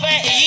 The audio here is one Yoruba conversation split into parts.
fat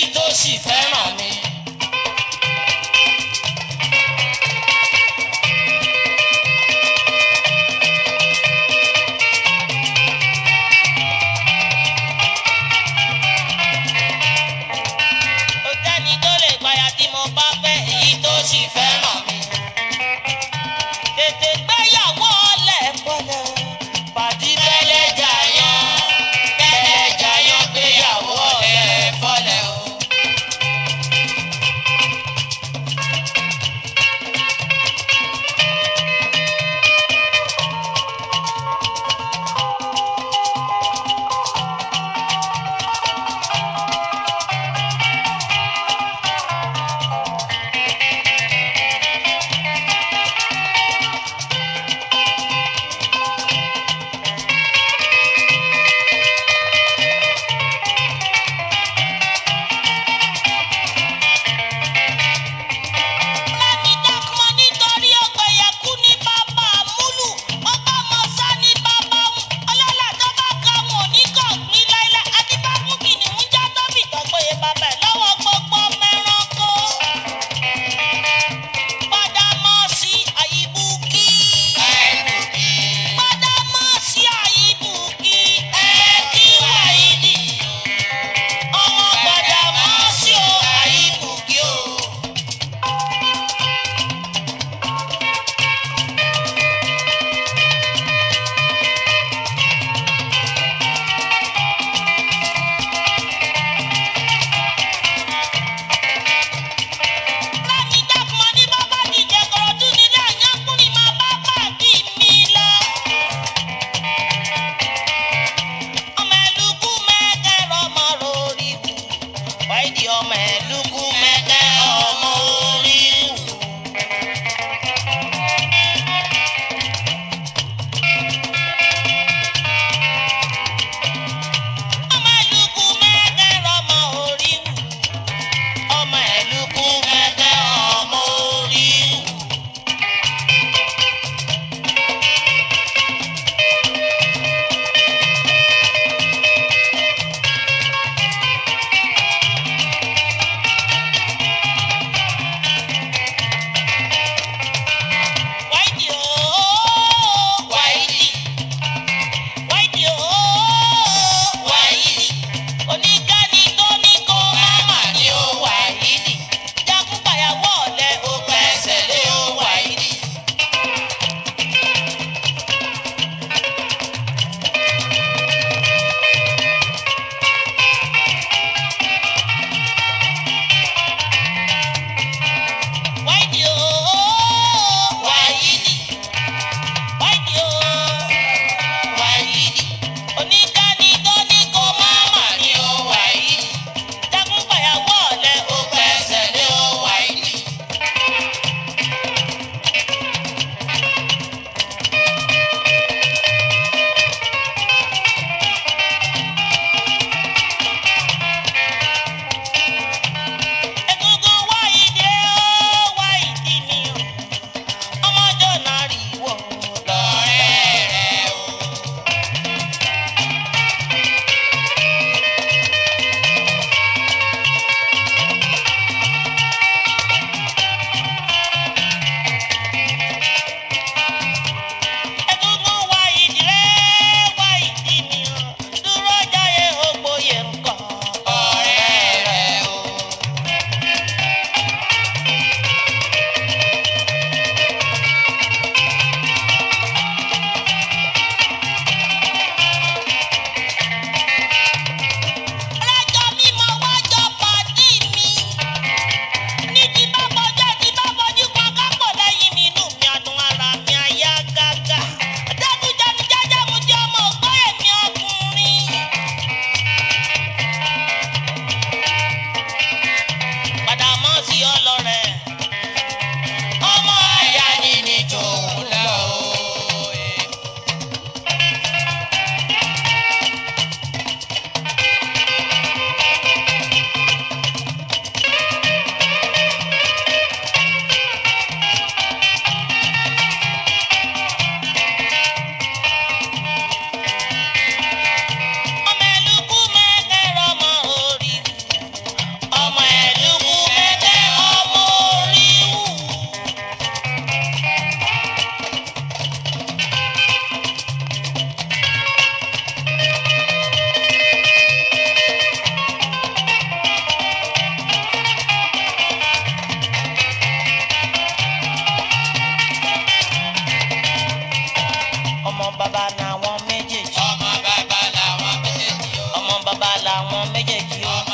ọba làwọn méjèèjì o.